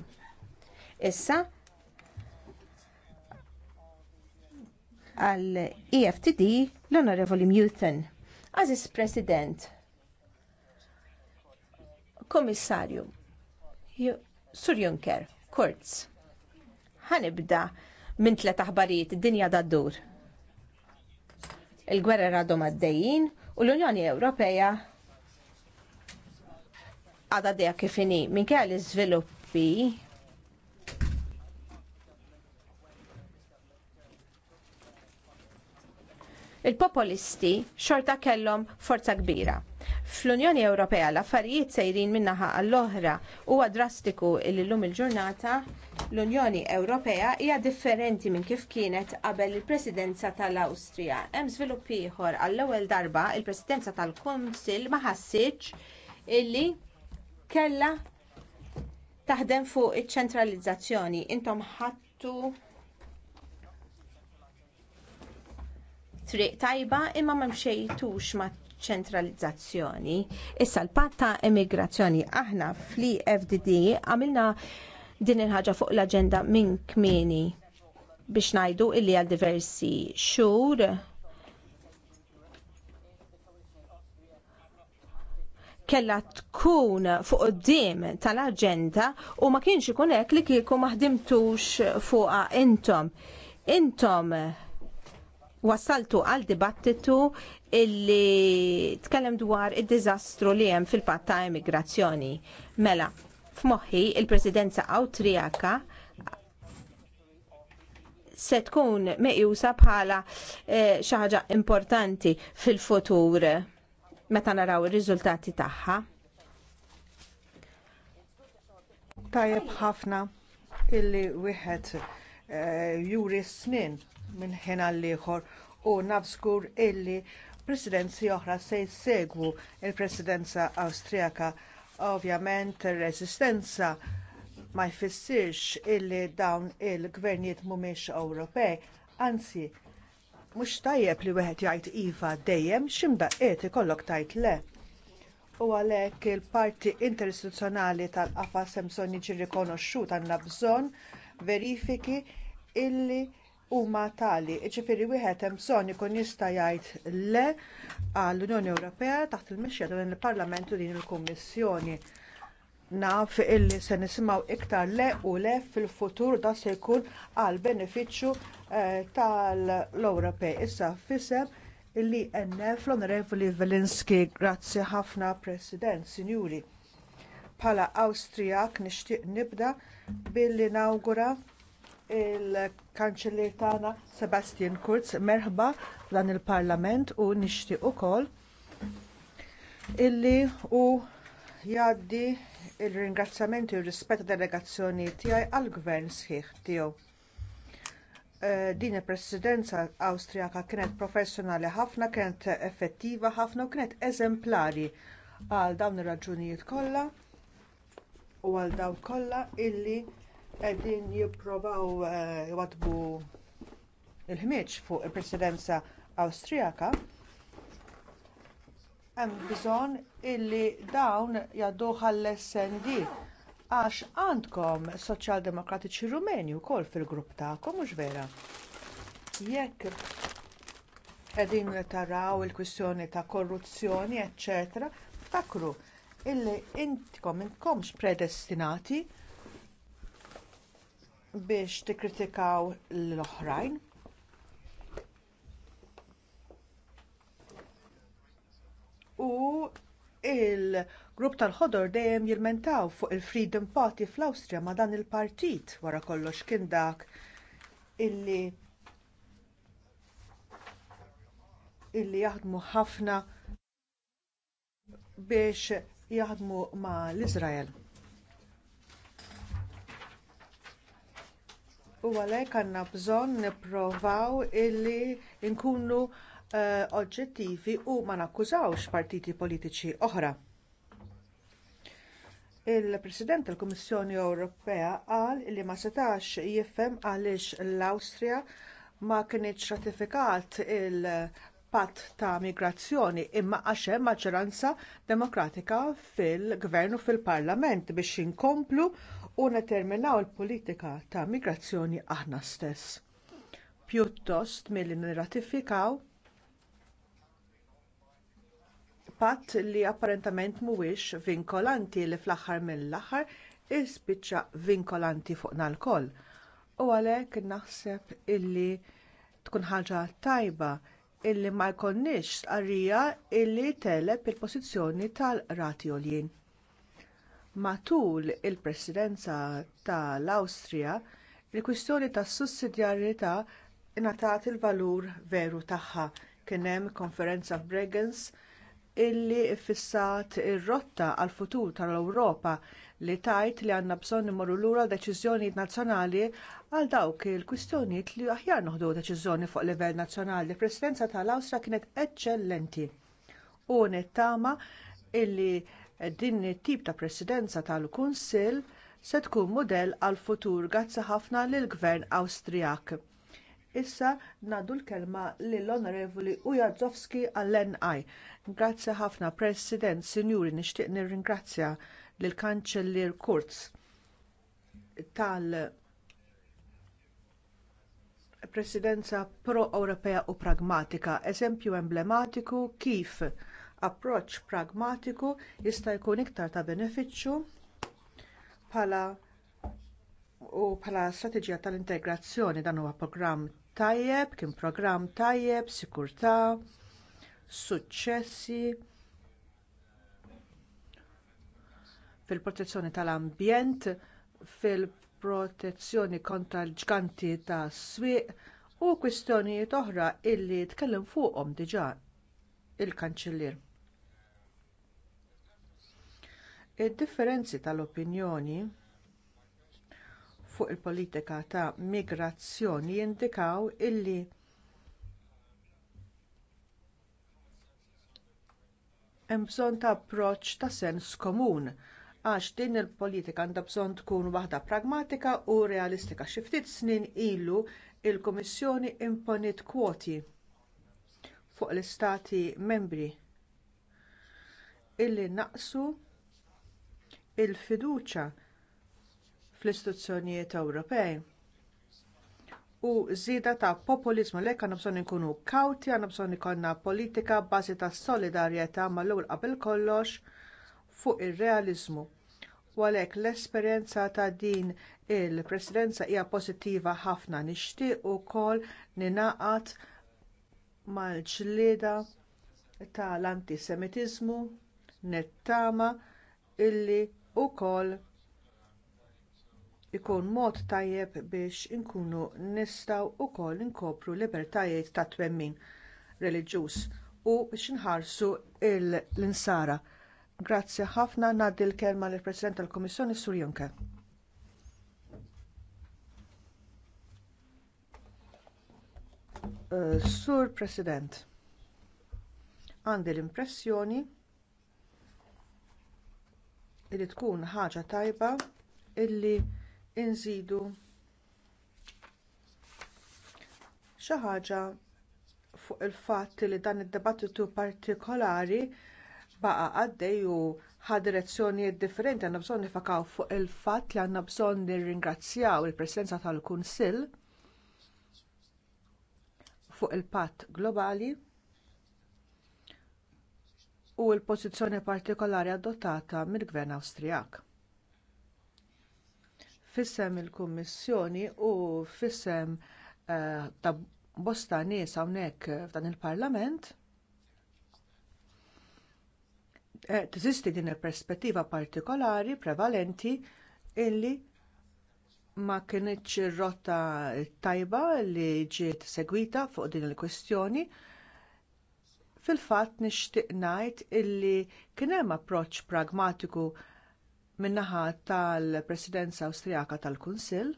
Issa għal EFTD l-Onorevoli Muthen. Aziz President, Komissarju, Sur Juncker, Kurz, ħanibda minn tlet aħbarijiet id-dinja dad-dur. Il-gwerra għadhom għaddejjin u l-Unjoni Ewropea għadha dejja kif inhi minkejja l-iżviluppi il-popolisti xorta kellhom forza kbira. Fl-Unjoni Ewropea l-affarijiet sejrin minnaħa għall-oħra huwa drastiku il-lum il-ġurnata il lum il ġurnata L-Unjoni Ewropea hija differenti minn kif kienet qabel il-Presidenza tal-Awstrija. Hemm żvilupp ieħor għall-ewwel darba il-Presidenza tal-Kunsill ma ħassitx illi kellha taħdem fuq iċ-ċentralizzazzjoni. Intom ħattu triq tajba imma ma mxejtux ma ċentralizzazzjoni. Issa l-patt ta' immigrazzjoni aħna fl-FDD għamilna din il-ħaġa fuq l-agenda minn kmieni biex najdu illi għal diversi xhur kella tkun fuq d-dim tal-agenda u ma kienx ikun hekk li kieku maħdimtux fuq intom. Intom wasaltu għal dibattitu illi tkellem dwar id-diżastru li hemm fil-patta immigrazzjoni. Mela, F'moħħi il-Presidenza Awtrijaka se tkun meqjusa bħala eh, xi ħaġa importanti fil-futur meta naraw ir-riżultati tagħha. Tajjeb ħafna illi wieħed eh, juri snin minn ħin għal ieħor u nafskur illi presidenzi oħra se jsegwu l presidenza Awstrijaka Ovvjament ir-reżistenza ma jfissirx illi dawn il-gvernijiet mhumiex Ewropej, anzi mhux tajjeb li wieħed jgħid iva dejjem x'imdaqqiet ikollok tajt le. U għalhekk il-parti interistituzzjonali tal-qafas hemm bżonn jiġi rikonoxxut għandna bżonn verifiki illi huma tali, ġifiri wieħed hemm bżonn ikun jista' jgħid le għall-Unjoni Ewropea taħt il-mixja ta' din il-Parlament u din il-Kummissjoni. Naf illi se nisimgħu iktar le u le fil-futur da se jkun għal benefiċċju eh, tal-Ewropej. Issa fisem illi NF l-Onorevoli Velinski, grazzi ħafna President, Sinjuri. Bħala Awstrijak nixtieq nibda billi nawgura il kanċellir tagħna Sebastian Kurz merħba dan il-Parlament u nixtieq ukoll illi u jgħaddi il ringrazzjamenti u rispett delegazzjoni tiegħi għall gvern sħiħ tiegħu. Eh, din il-presidenza Awstrijaka kienet professjonali ħafna, kienet effettiva ħafna u kienet eżemplari għal dawn ir-raġunijiet kollha u għal dawk kollha illi qegħdin jipprovaw jwadbu eh, il-ħmieġ fuq il-presidenza Awstrijaka hemm bżonn illi dawn jgħaddu għall-SND għax għandkom soċjaldemokratiċi Rumeni wkoll fil-grupp tagħkom mhux vera. Jekk qegħdin taraw il-kwistjoni ta' korruzzjoni, eccetera, ftakru illi intkom intkomx predestinati biex tikkritikaw l-oħrajn. U il-grupp tal-ħodor dejjem jirmentaw fuq il-Freedom Party fl-Awstrija ma dan il-partit wara kollox kien dak illi illi jaħdmu ħafna biex jaħdmu mal iżrael u għalhekk għandna bżonn nippruvaw illi nkunu eh, oġġettivi u ma nakkużawx partiti politiċi oħra. Il-President tal-Kummissjoni Ewropea qal li ma setax jifhem għaliex l-Awstrija ma kinitx ratifikat il-patt ta' migrazzjoni imma għax hemm maġġoranza demokratika fil-gvern u fil-parlament biex jinkomplu u neterminaw il-politika ta' migrazzjoni aħna stess. Pjuttost milli nirratifikaw patt li apparentament mhuwiex vinkolanti li fl-aħħar mill-aħħar isbiċċa vinkolanti fuqna lkoll. U għalhekk naħseb illi tkun ħaġa tajba illi ma jkollniex għarrija illi teleb il-pożizzjoni tal-rati għoljien. Matul il-presidenza tal-Awstrija, il-kwistjoni tas sussidjarjetà ingħatat il-valur veru tagħha. Kien hemm konferenza f'Bregenz illi ffissat ir-rotta għall futur tal-Ewropa li tajt li għandna bżonn imorru lura deċiżjonijiet nazzjonali għal dawk il-kwistjonijiet li aħjar noħdu deċiżjoni fuq livell nazzjonali. Il-Presidenza tal-Awstra kienet eċċellenti u nittama illi din it-tip ta' presidenza tal-Kunsill se tkun mudell għal futur grazzi ħafna lill gvern Awstrijak. Issa ngħaddu l-kelma lill-Onorevoli Ujadzowski għall-NI. Grazzi ħafna President, Sinjuri, nixtieq nirringrazzja lill kanċellier Kurz tal- presidenza pro-Ewropea u pragmatika, eżempju emblematiku kif approċċ pragmatiku jista' jkun iktar ta' benefiċċju bħala u strateġija tal-integrazzjoni dan huwa programm tajjeb, kien programm tajjeb, sikurtà, suċċessi fil-protezzjoni tal-ambjent, fil-protezzjoni kontra l-ġganti tas-swieq u kwistjonijiet oħra illi tkellem fuqhom diġà il-kanċellier. Id-differenzi tal-opinjoni fuq il-politika ta' migrazzjoni jindikaw illi hemm bżonn ta' approċċ ta' sens komun għax din il-politika għandha bżonn tkun waħda pragmatika u realistika. Xi ftit snin ilu l kummissjoni imponiet kwoti fuq l-Istati membri illi naqsu il-fiduċja fl-istituzzjonijiet Ewropej u żieda ta' populiżmu lek għandna bżonn inkunu kawti, għandna bżonn ikollna politika bbażi ta' solidarjetà mal-ewwel qabel kollox fuq ir-realiżmu. U għalhekk l-esperjenza ta' din il-presidenza hija pożittiva ħafna nixtieq ukoll ninaqat mal-ġlieda tal antisemitiżmu nettama illi ukoll ikun mod tajjeb biex inkunu nistgħu wkoll inkopru libertajiet ta' twemmin reliġjuż u biex inħarsu l-insara. Grazzi ħafna ngħaddi l-kelma lill president tal-Kummissjoni Sur Juncker. Uh, Sur President, għandi l-impressjoni li tkun ħaġa tajba illi nżidu xi ħaġa fuq il-fatt li dan id-dibattitu partikolari baqa għaddej u ħa direzzjonijiet differenti għandna bżonn nifakaw fuq il-fatt li għandna bżonn nirringrazzjaw il-presenza tal-Kunsill fuq il-patt globali u l-pożizzjoni partikolari adottata mill-Gvern Awstrijak. Fissem il-Kummissjoni u fissem uh, ta' bosta nies hawnhekk f'dan il-Parlament eh, teżisti din il-perspettiva partikolari prevalenti illi ma kinitx ir-rotta tajba li ġiet segwita fuq din il-kwestjoni fil-fatt nixtieq ngħid illi kien hemm approċċ pragmatiku min-naħa tal-Presidenza Awstrijaka tal-Kunsill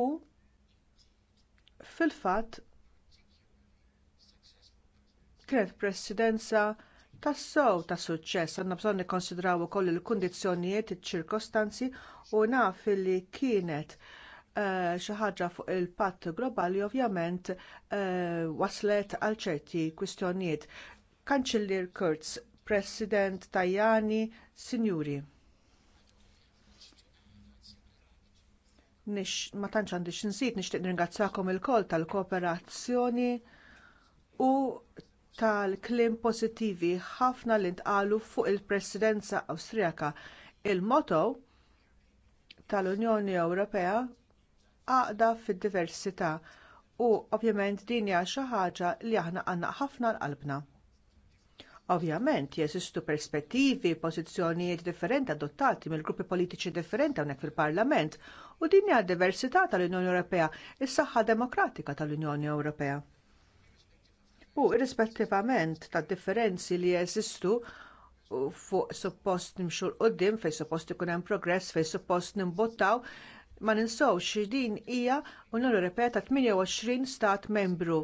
u fil-fatt kienet presidenza tas-sow ta' suċċess għandna bżonn nikkonsidraw ukoll il-kundizzjonijiet iċ-ċirkostanzi u naf li kienet Eh, xi ħaġa fuq il-patt globali ovvjament eh, waslet għal ċerti kwistjonijiet. Kanċellier Kurz, President Tajani, Sinjuri. Nix, ma tantx għandix xinsit, nixtieq ningrazzakom ilkoll tal-kooperazzjoni u tal kliem pożittivi ħafna li ntqalu fuq il-Presidenza Awstrijaka. Il-motto tal-Unjoni Ewropea għaqda fid-diversità u ovvjament din hija xi ħaġa li aħna għandna ħafna l-qalbna. Ovvjament jeżistu perspettivi, pożizzjonijiet differenti adottati mill-gruppi politiċi differenti hawnhekk fil-Parlament u din hija d diversità tal-Unjoni Ewropea, is-saħħa demokratika tal-Unjoni Ewropea. U irrispettivament tad differenzi li jeżistu fuq suppost nimxu l-qoddim, fej suppost ikun hemm progress, fejn suppost nimbottaw, Ma ninsowx din hija u Ewropea ta' 28 stat membru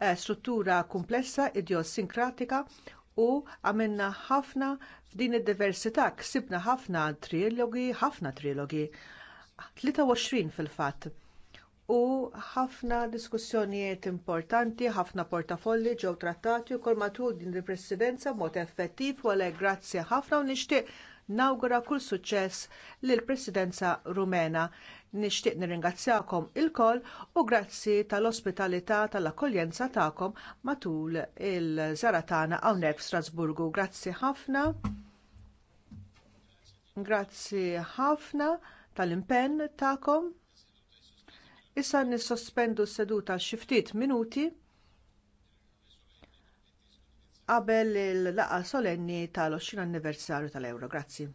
eh, struttura komplessa, idiosinkratika u għamilna ħafna f'din id-diversità, ksibna ħafna trilogi, ħafna trilogi, 23 fil-fatt. U ħafna diskussjonijiet importanti, ħafna portafolli ġew trattati u kol matul din il-presidenza b'mod effettiv u għalhekk grazzi ħafna u nixtieq nawgura kull suċċess lill presidenza rumena. Nixtieq nirringrazzjakom ilkoll u grazzi tal-ospitalità tal-akkoljenza tagħkom matul il zaratana hawnhekk f'Strasburgu. Grazzi ħafna. Grazzi ħafna tal-impenn tagħkom. Issa nissospendu s-seduta xi ftit minuti qabel il-laqgħa solenni tal-20 anniversarju tal-Ewro. Grazzi.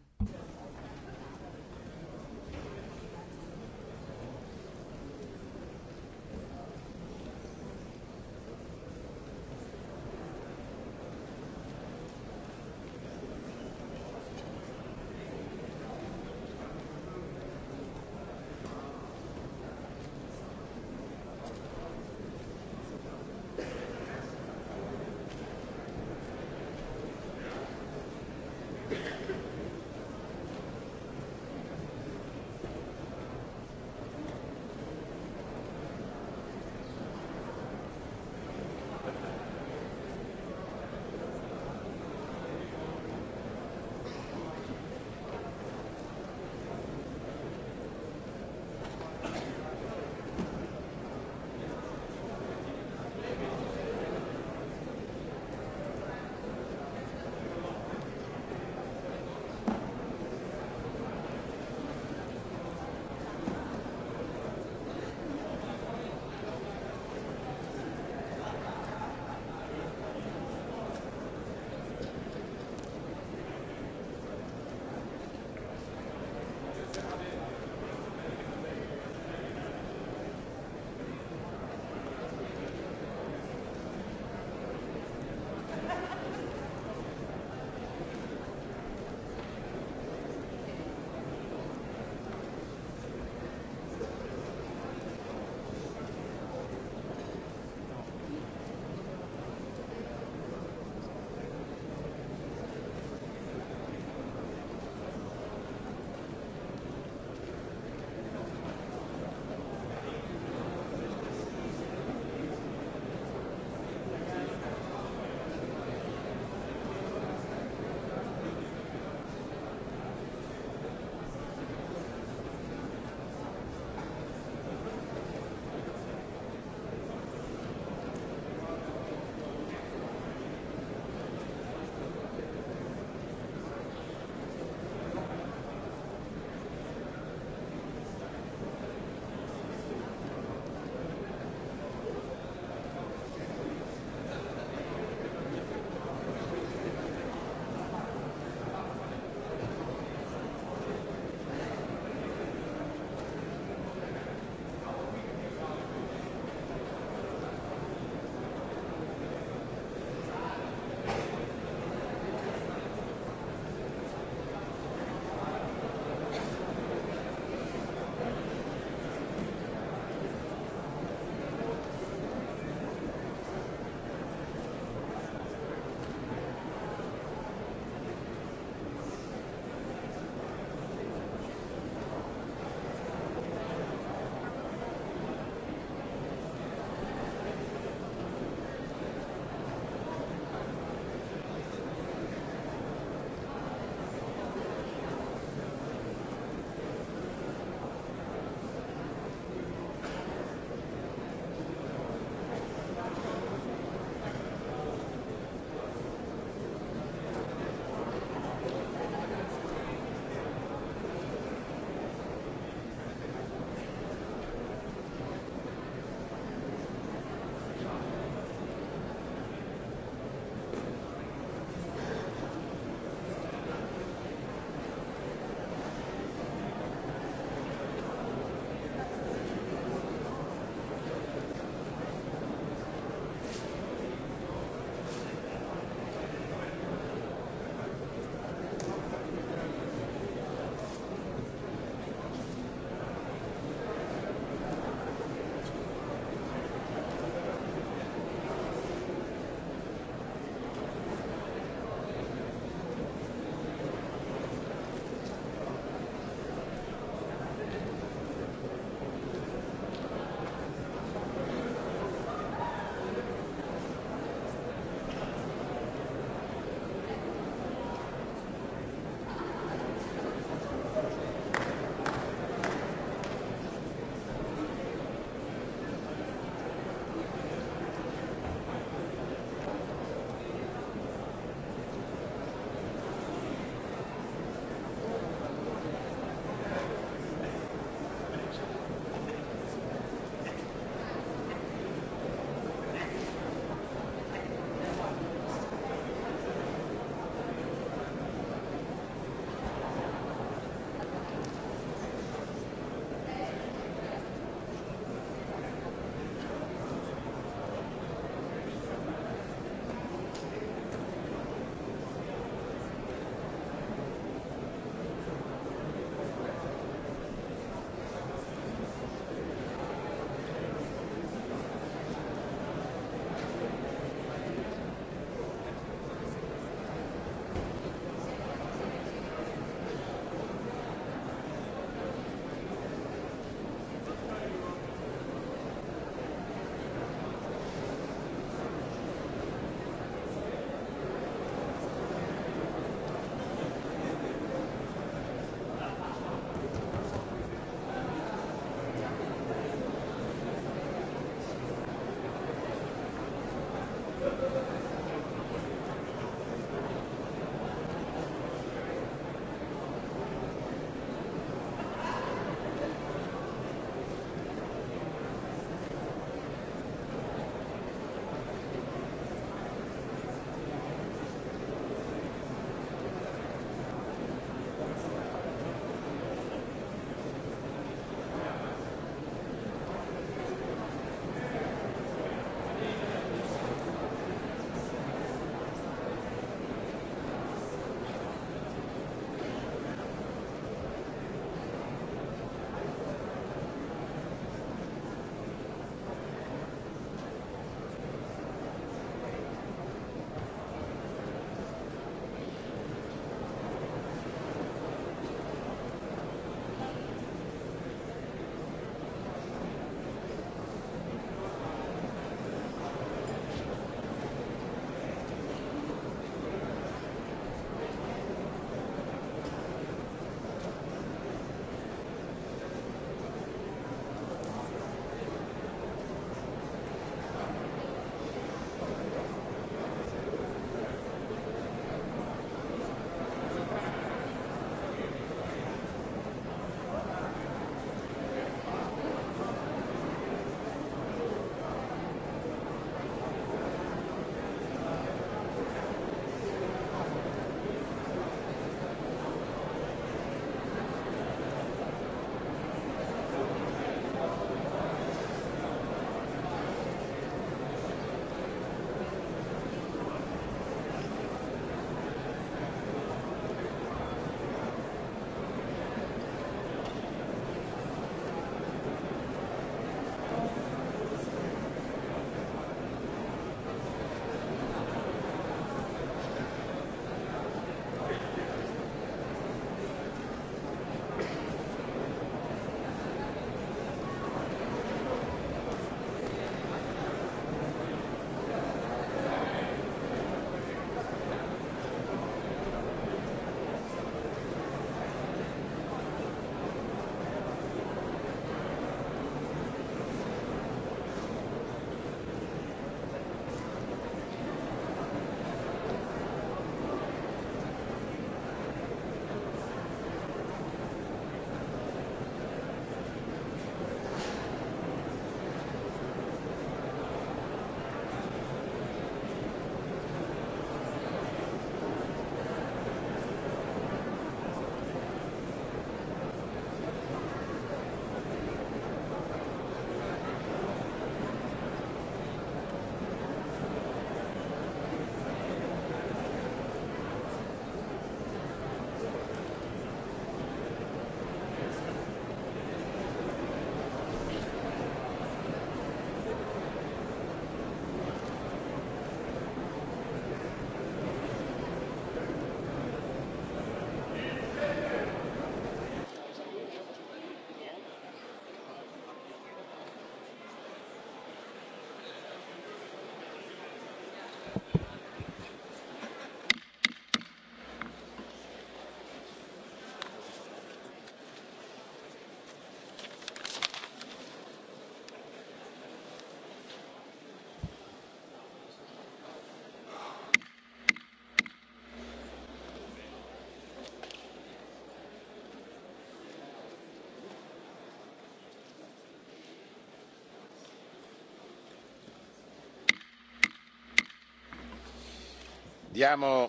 Diamo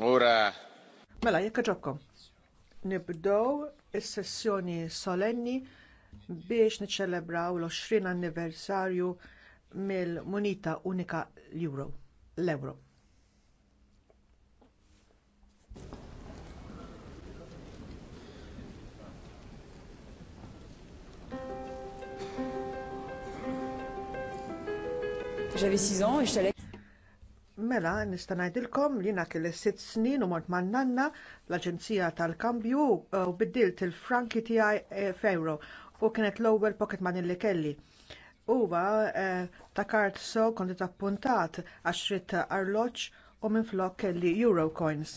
ora. Mela, jekk ġokko. Nibdow is-sessjoni solenni biex niċċelebraw l-20 anniversarju mill-Munita Unika l-Euro. L-Euro. J'avais 6 ans et je t'allais... Mela, nista' ngħidilkom li jiena kelli sitt snin u mort man nanna l-Aġenzija tal-Kambju uh, u biddilt il-franki tiegħi eh, f'euro u kienet l-ewwel pocket money li kelli. Huwa eh, ta' kart so kont appuntat għax ritt arloġġ u minflok kelli euro coins.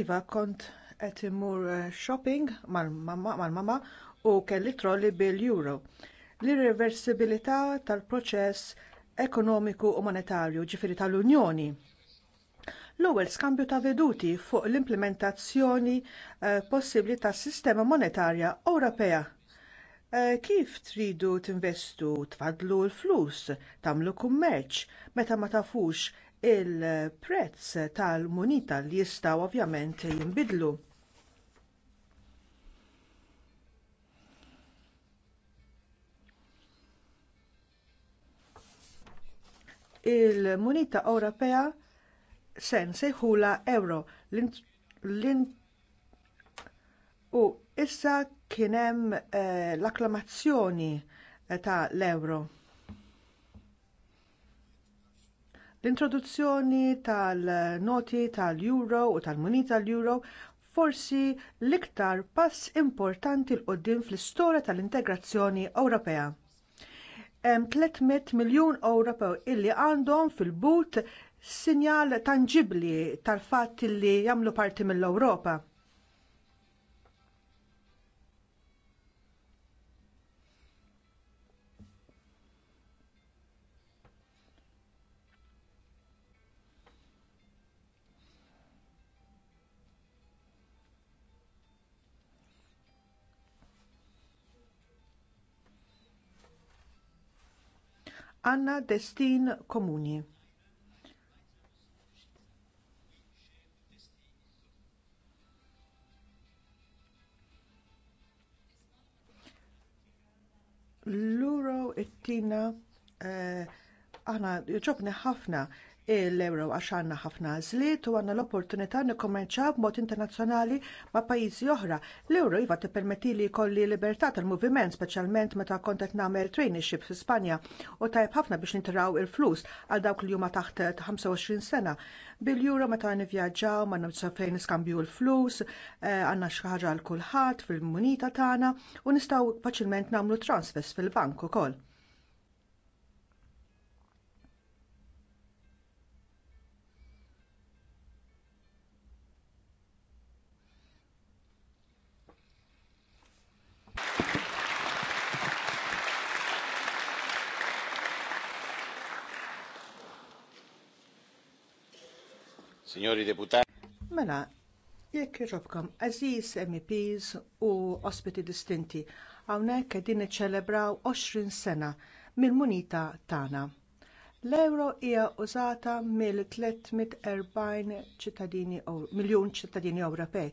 Iva kont qed imur eh, shopping mal mamma mal u kelli trolli bil-euro l-irreversibilità tal-proċess ekonomiku u monetarju ġifieri tal-Unjoni. L-ewwel skambju ta' veduti fuq l-implementazzjoni eh, possibbli tas-sistema monetarja Ewropea eh, kif tridu tinvestu tfadlu l-flus, tagħmlu kummerċ meta ma tafux il-prezz tal-munita li jistgħu ovvjament jinbidlu. il-Munita Ewropea sen sejħula euro u issa kien hemm eh, l-akklamazzjoni eh, ta' l-euro. L-introduzzjoni tal-noti tal-euro u tal-munita tal-euro forsi l-iktar pass importanti l qudiem fl-istorja tal-integrazzjoni Ewropea hemm 300 miljun Ewropew illi għandhom fil-but sinjal tangibbli tal-fatt li jagħmlu parti mill-Ewropa. għanna destin komuni. L-uro it-tina għana eh, ħafna l-euro għax għandna ħafna għażliet u għandna l-opportunità nikkommerċaw b'mod internazzjonali ma' pajjiżi oħra. L-euro iva tippermetti li jkolli libertà tal-moviment, speċjalment meta kont qed nagħmel traineeship fi Spanja u tajb ħafna biex nitraw il-flus għal dawk li huma taħt 25 sena. Bil-euro meta nivvjaġġaw ma nibsa fejn niskambju l-flus, eh, għandna xi ħaġa għal kulħadd fil-munita tagħna u nistgħu faċilment nagħmlu transfers fil-bank ukoll Signori deputati. Mela, jekk irrobkom, aziz MEPs u ospiti distinti, hawnhekk qegħdin iċċelebraw 20 sena mill-munita tagħna. l ewro hija użata mill-340 ċittadini miljun ċittadini Ewropej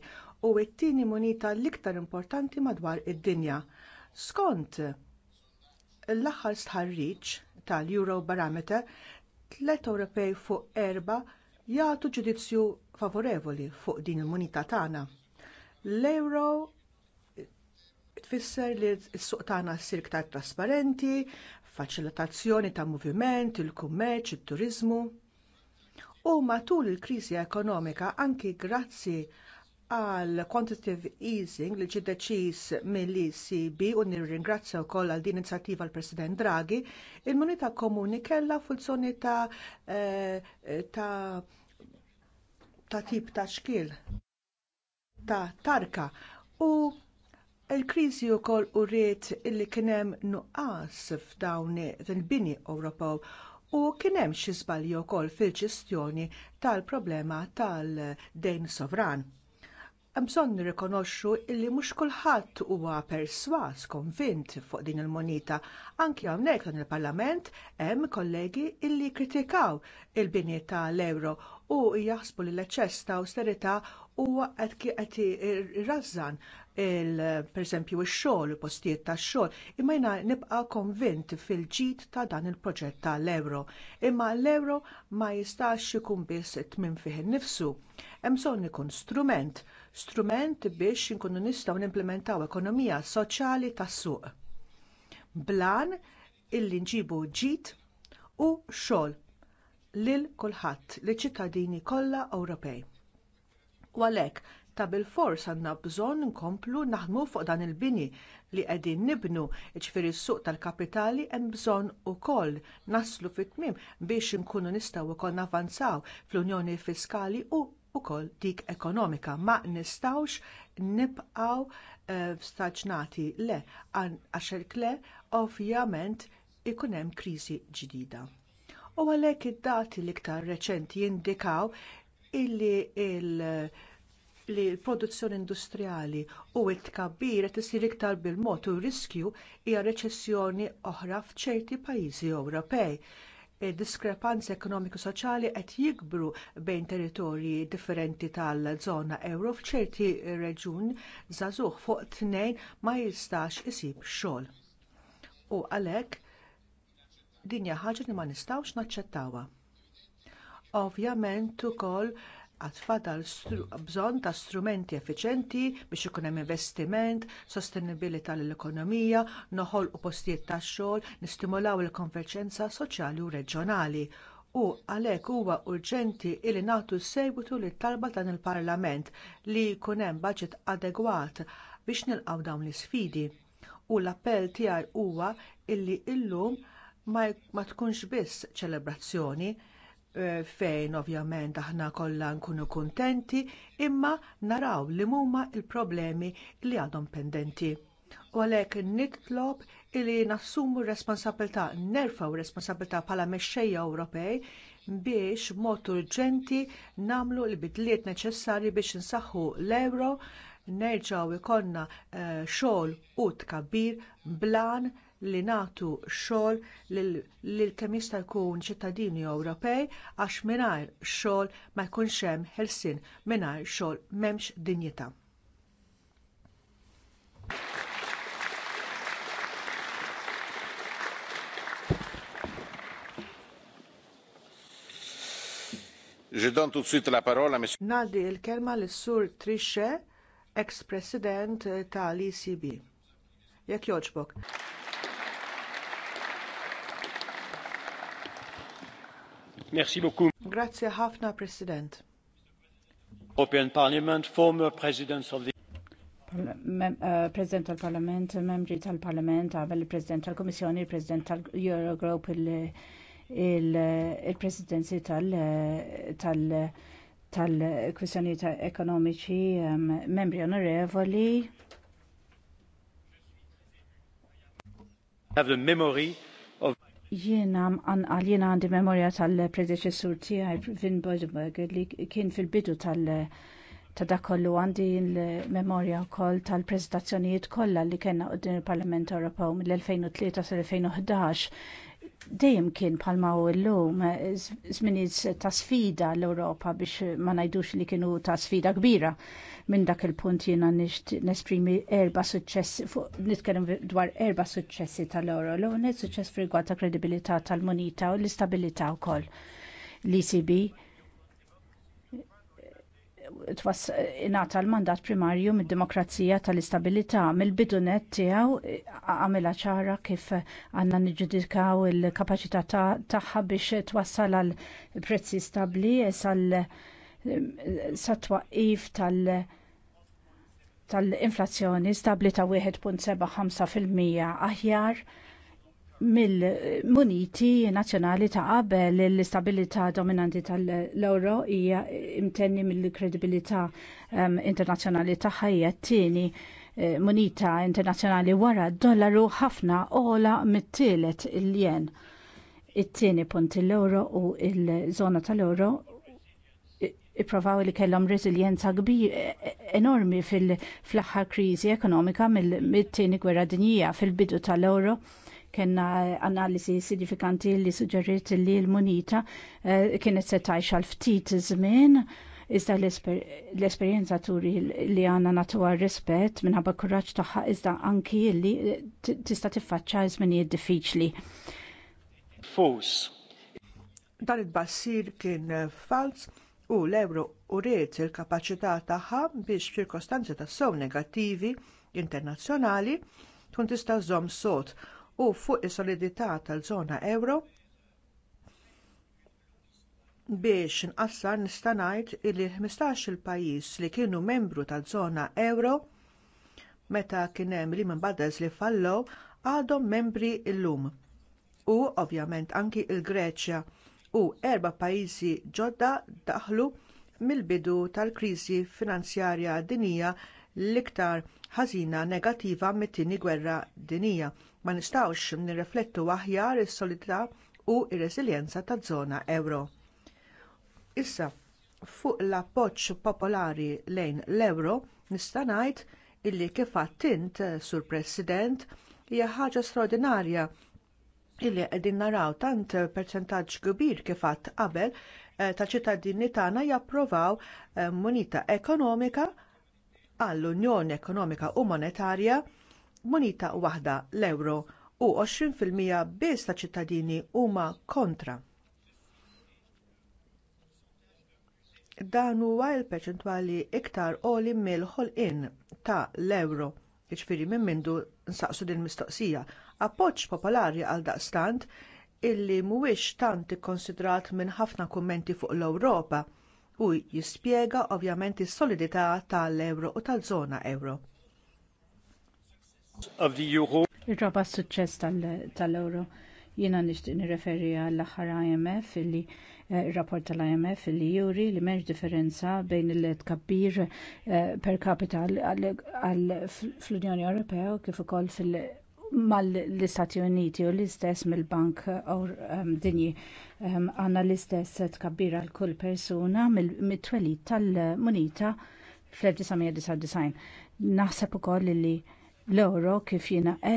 u t-tieni munita l-iktar importanti madwar id-dinja. Skont l-aħħar stħarriġ tal-Eurobarometer, tliet Ewropej fuq erba' jagħtu ġudizzju favorevoli fuq din il-munita tagħna. L-euro tfisser li s-suq tagħna ssir iktar trasparenti, faċilitazzjoni ta' moviment, il-kummerċ, it-turiżmu. U matul il-kriżi ekonomika anki grazzi għal quantitative easing li ġie deċiż mill-ECB u nirringrazzja wkoll għal din inizjattiva l-President Draghi, il-Munita Komuni kellha funzjoni ta', eh, ta, ta tip ta' xkil ta' tarka u l kriżi wkoll u rrit illi hemm nuqqas f'dawn il-bini Ewropew u kien hemm xi żbalji wkoll fil-ġestjoni tal-problema tad dejn sovran bżonn nirrikonoxxu li mhux kulħadd huwa perswas konvint fuq din il-monita. Anki hawnhekk dan il-Parlament hemm kollegi illi kritikaw il-bini tal-euro u jaħsbu li l-eċċess ta' austerità huwa qed irrażżan il pereżempju ix-xogħol, postijiet tax-xogħol, imma jiena nibqa' konvint fil-ġid ta' dan il-proġett tal-Ewro. Imma l-Ewro ma jistax ikun biss tmiem fih innifsu. Hemm bżonn ikun strument strument biex inkunu nistgħu nimplementaw ekonomija soċjali tas-suq. Blan illi nġibu ġid u xogħol lil kulħadd liċ ċittadini kollha Ewropej. U għalhekk ta' bilfors għandna bżonn nkomplu naħdmu fuq dan il-bini li qegħdin nibnu ġifieri s-suq tal-kapitali hemm bżonn ukoll naslu fit-tmiem biex inkunu nistgħu wkoll navvanzaw fl-Unjoni Fiskali u ukoll dik ekonomika ma nistawx nibqgħu eh, staġnati le għaxek le ovvjament ikun hemm kriżi ġdida. U għalhekk id-dati l-iktar reċenti jindikaw illi il li l-produzzjoni industrijali u t-tkabbir qed isir iktar bil-mod u riskju hija reċessjoni oħra f'ċerti pajjiżi Ewropej id-diskrepanzi ekonomiku soċjali qed jikbru bejn territorji differenti tal-żona euro f'ċerti reġun żagħżugħ fuq tnejn ma jistax isib xogħol. U għalhekk din hija ħaġa li ma nistgħux naċċettawha. Ovvjament ukoll għatfadal bżonn ta' strumenti effiċenti biex ikun hemm investiment, sostenibilità lill ekonomija noħolqu postijiet tax xogħol, nistimulaw il-konverġenza soċjali u reġjonali. U għalhekk huwa urġenti li nagħtu s segwitu lit talba dan il-Parlament li jkun hemm baġit adegwat biex nilqgħu dawn l isfidi U l-appell tiegħi huwa illi llum ma, ma tkunx biss ċelebrazzjoni, Eh, fejn ovvjament aħna kollha nkunu kuntenti imma naraw li huma l problemi li għadhom pendenti. U għalhekk nitlob li nassumu r responsabilità, nerfaw responsabilità bħala mexxejja Ewropej biex mod urġenti nagħmlu l-bidliet neċessarji biex insaħħu l ewro nerġgħu ikollna eh, xogħol u tkabbir blan li nagħtu xogħol li kemm jista' jkun ċittadini Ewropej għax mingħajr xogħol ma jkunx hemm ħelsien mingħajr xogħol m'hemmx dinjità. Nadi il-kelma lis-sur Trichet, ex-president tal-ECB. Jekk jogħġbok. Merci beaucoup. Grazie ħafna, President. European Parliament, former President of the eh, President tal-Parlament, membri tal-Parlament, għabel il-President tal-Komissjoni, il-President tal-Eurogroup, il-Presidenzi tal-Kwistjoni ekonomiċi, membri onorevoli. Have the memory Jiena għanqal jiena għandi memorja tal-predeċessur tiegħi Vin Bodenberg li kien fil-bidu tal- ta' kollu għandi l-memorja wkoll tal prezentazzjonijiet kollha li kellna għoddin il-Parlament Ewropew mill-2003 sal-2011 dejjem kien palma u l-lum, zminiz ta' sfida l-Europa biex ma najdux li kienu ta' sfida kbira. Minn dak il-punt jena nesprimi erba successi, nitkellem dwar erba successi tal-oro, l-għonet success frigwa ta' kredibilità tal-monita u l-istabilità u koll. L-ECB ingħata l-mandat primarju mid-demokrazija tal-istabilità mill-bidunet tiegħu għamilha ċara kif għandna niġġudikaw il-kapaċità tagħha biex twassal għal prezzi stabbli sal sat-twaqqif tal- tal-inflazzjoni stabbli ta' 1.75 aħjar mill-muniti nazzjonali ta' qabel l-istabilità dominanti tal-euro hija imtenni mill-kredibilità um, internazzjonali tagħha hija t-tieni eh, munita internazzjonali wara d-dollaru ħafna ola mit-tielet il-jen. It-tieni punt l-euro u l-żona tal-euro ipprovaw li kellhom reżiljenza kbir e-, enormi fil-aħħar kriżi ekonomika mill-tieni gwerra dinjija fil-bidu tal-euro kena analizi sinifikanti li suġġeriet li l-munita eh, kienet se tajx għal ftit żmien. Iżda l-esperienza turi li għandna natuwa rispet minħabba kurraċ taħħa iżda anki li tista tiffaċċa żminijiet diffiċli. Fus. Dan it-bassir kien fals u l-euro u rejt il-kapacità taħħa biex ċirkostanzi ta' sew negattivi internazzjonali tkun tista' żomm sot u fuq is-solidità tal-żona euro biex nqassar nista' ngħid li ħmistax 15 il pajjiż li kienu membru tal-żona euro meta kien hemm Lehman Brothers li fallow għadhom membri llum u ovvjament anki l greċja u erba' pajjiżi ġodda daħlu mill-bidu tal-kriżi finanzjarja dinija l-iktar ħażina negattiva mit-tieni gwerra dinija ma nistgħux nirreflettu aħjar is-solidità u r-reżiljenza taż-żona ewro. Issa, fuq l-appoġġ popolari lejn l ewro nista' ngħid illi kif għattint, eh, sur President, hija ħaġa straordinarja illi qegħdin naraw tant perċentaġġ kbir kif qabel eh, ta' ċittadini tagħna japprovaw eh, munita ekonomika għall-Unjoni Ekonomika u Monetarja monita waħda l-euro u 20% biss ta' ċittadini huma kontra. Dan huwa l-perċentwali iktar għoli mill-ħolqien ta' l-euro, jiġifieri minn mindu nsaqsu din mistoqsija. Appoġġ popolari għal daqstant illi mhuwiex tant ikkonsidrat minn ħafna kummenti fuq l-Ewropa u jispjega ovvjament is-solidità tal-euro u tal-żona euro of the euro. suċċess tal-euro. Jina Jiena nixtieq nirreferi għall-aħħar IMF illi eh, ir-rapport tal-IMF li juri li m'hemmx differenza bejn il kabbir eh, per capita fl-Unjoni Ewropea kif ukoll fil- mal-Istati Uniti u l-istess mill-Bank ehm, Dinji ehm, għanna l-istess tkabbir għal kull persuna mit-twelid tal-munita fl-1999. Naħseb ukoll li l-euro kif jingħaqad